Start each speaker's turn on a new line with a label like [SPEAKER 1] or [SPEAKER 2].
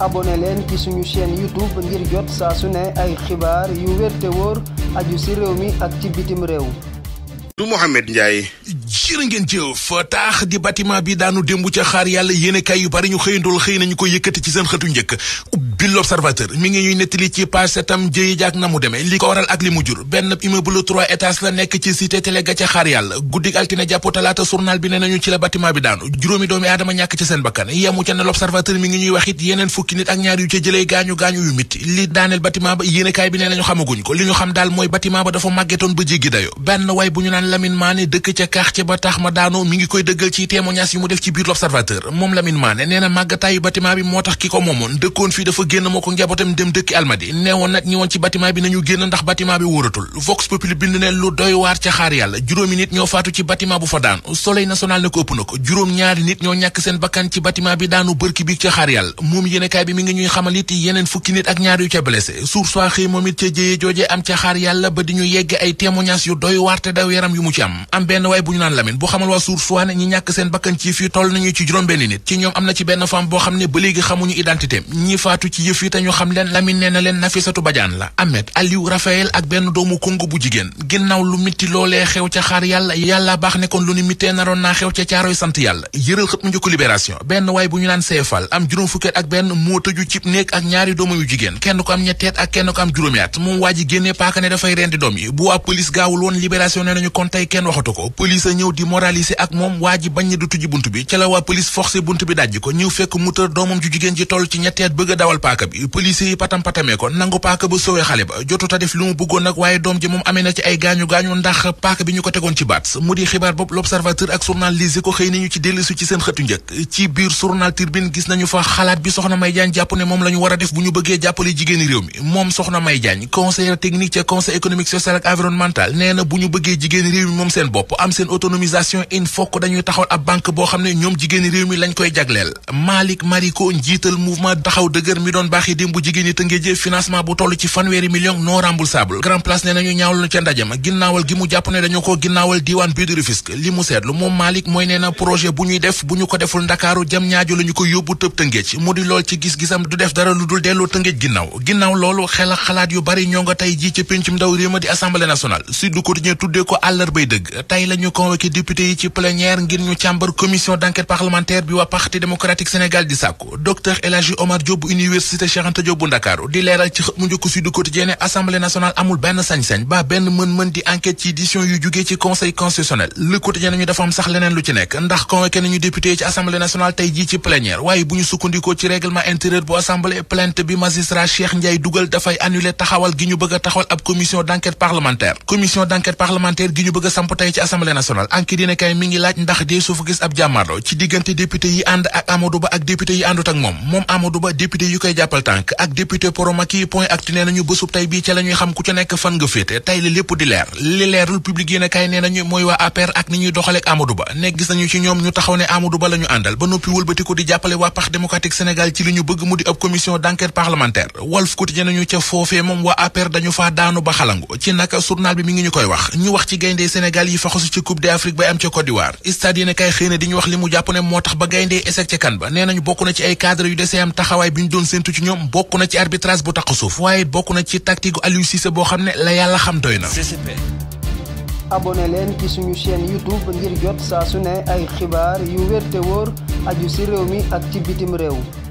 [SPEAKER 1] abonné leen ci suñu seen YouTube ngir jot saa su ne ay xibaar yu wér te wóor aju ci réew mi ak ci bitim réew. du Mouhamed Ndiaye. jërë ngeen jëf tax di bâtiment bi daanu démb ca xaar yàlla yéene kay yu bari ñu xëyandul xëy nañu ko yëkkati ci seen xëtu njëkk. bi l'observateur mi ngi ñuy nettali ci page septam jëyi jaak na mu demee li ko waral ak li mu jur benn immeuble trois étages la nekk ci cité télé ga ca xaar yàlla guddik altine jàpp talaata journal bi ne nañu ci la bâtiment bi daanu juróomi doomi aadama ñàkk ci seen bakkan yemu ca ne l'observateur mi ngi ñuy wax it yeneen fukki nit ak ñaar yu ca jëlee gaañu gaañu yu mit li daaneel bâtiment ba yéenekaay bi ne nañu xamaguñ ko li ñu xam daal mooy bâtiment ba koy dëggal ci témoignage yu mu def ci biir l'observateur moom Lamine Mané nee na màggataayu bâtiment bi moo tax ki ko moomoon dëkkoon fii génn moo ko njabootam dem dëkki almadi neewoon nag ñi woon ci bâtiment bi nañu génn ndax bâtiment bi wóoratul vox populi bind ne lu doy ca xaar yàlla juróomi nit ñoo faatu ci bâtiment bu fa daan soleil bi daanu bërki bi ca xaar yàlla moom yéenekaay bi mi ngi ñuy xamal it yeneen fukki nit ak ñaar yu ca blessé source waa xëy ca jëye jooje am ca xaar yàlla ba di ñu yegg ay témoignages yu doy waar te daw yaram yu mu ci am am benn waay bu ñu naan lamin bu xamal waa source waa ne ñi ñàkk seen bakkan ci fii ne ci yëf yi te ñu xam leen Lamine nee na leen Nafisatu Badiane la Ahmed Aliou Raphaël ak benn doomu Congo bu jigéen ginnaaw lu mitti loolee xew ca xaar yàlla yàlla baax ne kon lu ni mittee naroon naa xew ca caaroy sant yàlla yëral xët mu njëkko libération benn waay bu ñu naan seefal am juróom fukki at ak benn moo tëju cib néeg ak ñaari doomam yu jigéen kenn ko am ñetti at ak kenn ko am juróomi at moom waa ji génnee paaka ne dafay rendi doom yi bu waa police gaawul kenn waxatu ko police a ñëw bi ca la waa police forcé bunt paaka patam-patamee ko nangu paaka ba sowe xale ba jotuta def li mu bëggoon nag waaye doom ji moom amee na ci ay gaañu-gaañu ndax paaka bi ñu ko tegoon ci baat mu di xibaar bopp l'observateur ak journal lise ko xëy nañu ci dellisu ci seen xëtu njëkk ci biir journal Tribune gis nañu fa xalaat bi soxna May Jaañ jàpp ne moom la ñu a def bu ñu bëggee jàppale jigéeni réew mi moom soxna May Jaañ conseillère technique ca conseil économique social doon baaxee démbu jigéen ñi Tëngéej financement bu toll ci fanweeri million non remboursable grand place ne nañu ñaawlu na ca ndajama ginnaawal gi mu jàpp ne dañu ko ginnaawal diiwaan bi li mu seetlu moom Malick mooy nee na projet bu ñuy def bu ñu ko deful Ndakaaru jëm ñaajo la ko yóbbu tëb Tëngéej mu di lool ci gis-gisam du def dara lu delloo Tëngéej ginnaaw ginnaaw loolu xel xalaat yu bari ñoo nga tey ji ci péncum ndaw réew di assemblée université Cheikh Anta Diop bu Ndakaaru di leeral ci xët mu njëkk Sud nekk ndax convoqué nañu député ci assemblée nationale tey jii ci plénière waaye bu ñu sukkandikoo ci règlement dugal dafay annuler taxawal gi ñu bëgg taxawal ab commission d'enquête parlementaire commission d'enquête parlementaire gi ñu bëgg samp tey ci assemblée nationale enquête dina kay mi ngi laaj ndax dee suufa gis ab jàmmarloo ci diggante député yi ànd ak Amadou Ba ak député yi àndut ak moom moom Amadou Ba député yu koy jàppal tànk ak député Poromakki point actu nee nañu bésub tey bii ca la xam ku ca nekk fan nga féete tey la lépp di leer li leerul public yéen a kaay nee nañu mooy waa APR ak ni ñuy doxaleeg Amadou nekk gis nañu ci ñoom ñu taxaw ne Amadou Ba la ñu àndal ba noppi wëlbati ci bëgg mu di ab commission d'enquête parlementaire Walf Quotidien nañu ca foofee moom waa APR dañu faa daanu ba xalangu ci naka journal bi mi ngi ñu koy wax ñu wax ci gayndee Sénégal jiitu ci ñoom bokk na ci arbitrage bu taq suuf waaye bokk na ci tactique gu Aliou boo xam ne la yàlla xam doy na abonné leen ci suñu chaîne youtube ngir jot saa su ne ay xibaar yu wér te wóor aju ci réew mi ak ci bitim réew